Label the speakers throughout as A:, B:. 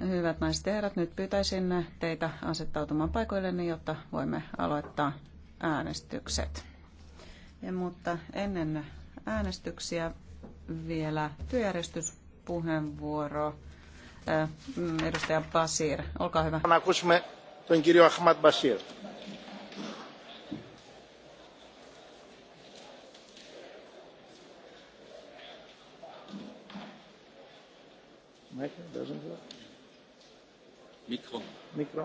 A: Hyvät naiset ja herrat, nyt pyytäisin teitä asettautumaan paikoilleni, jotta voimme aloittaa äänestykset. Ja, mutta ennen äänestyksiä vielä työjärjestys puheenvuoro. Äh, edustaja Basir, olkaa hyvä. Να ακούσουμε τον κύριο Ahmad Basir. Mikro. Mikro.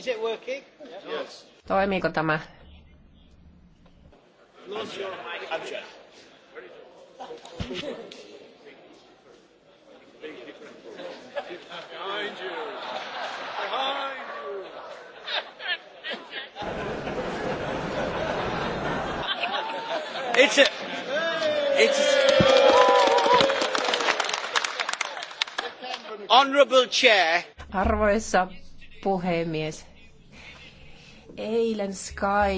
A: Is it working? Yes.
B: Toimiiko tämä? Behind you. Behind you.
A: It's a, it's a, honorable chair.
B: Arvoisa puhemies. Eilen Sky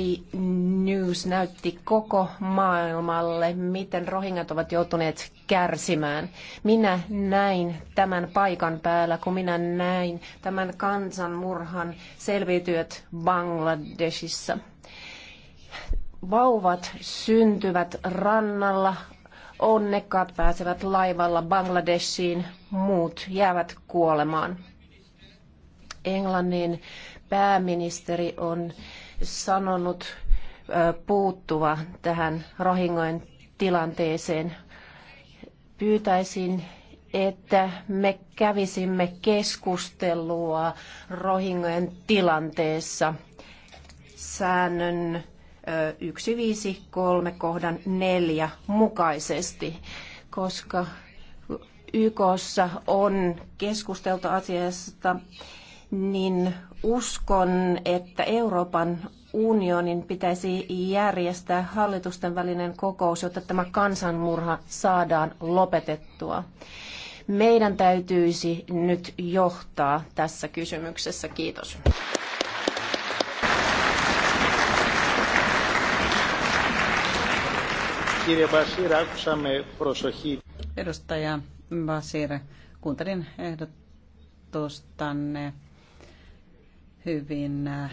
B: News näytti koko maailmalle, miten rohingat ovat joutuneet kärsimään. Minä näin tämän paikan päällä, kun minä näin tämän kansanmurhan selviytyöt Bangladesissa. Vauvat syntyvät rannalla, onnekkaat pääsevät laivalla Bangladesiin, muut jäävät kuolemaan. Englannin pääministeri on sanonut puuttuvan tähän rahingojen tilanteeseen. Pyytäisin, että me kävisimme keskustelua rohingojen tilanteessa säännön 153 kohdan 4 mukaisesti, koska YKssa on keskusteltu asiasta niin uskon, että Euroopan unionin pitäisi järjestää hallitusten välinen kokous, jotta tämä kansanmurha saadaan lopetettua. Meidän täytyisi nyt johtaa tässä kysymyksessä. Kiitos.
A: Edustaja Basir, kuuntelin ehdotustanne hyvin äh,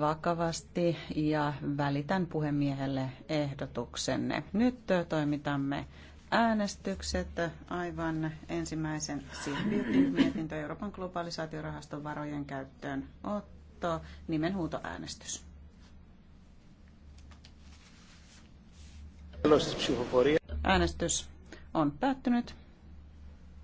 A: vakavasti ja välitän puhemiehelle ehdotuksenne. Nyt äh, toimitamme äänestykset. Aivan ensimmäisen Silviutin mietintö Euroopan globalisaatiorahaston varojen käyttöön otto, nimen huutoäänestys. Äänestys on päättynyt.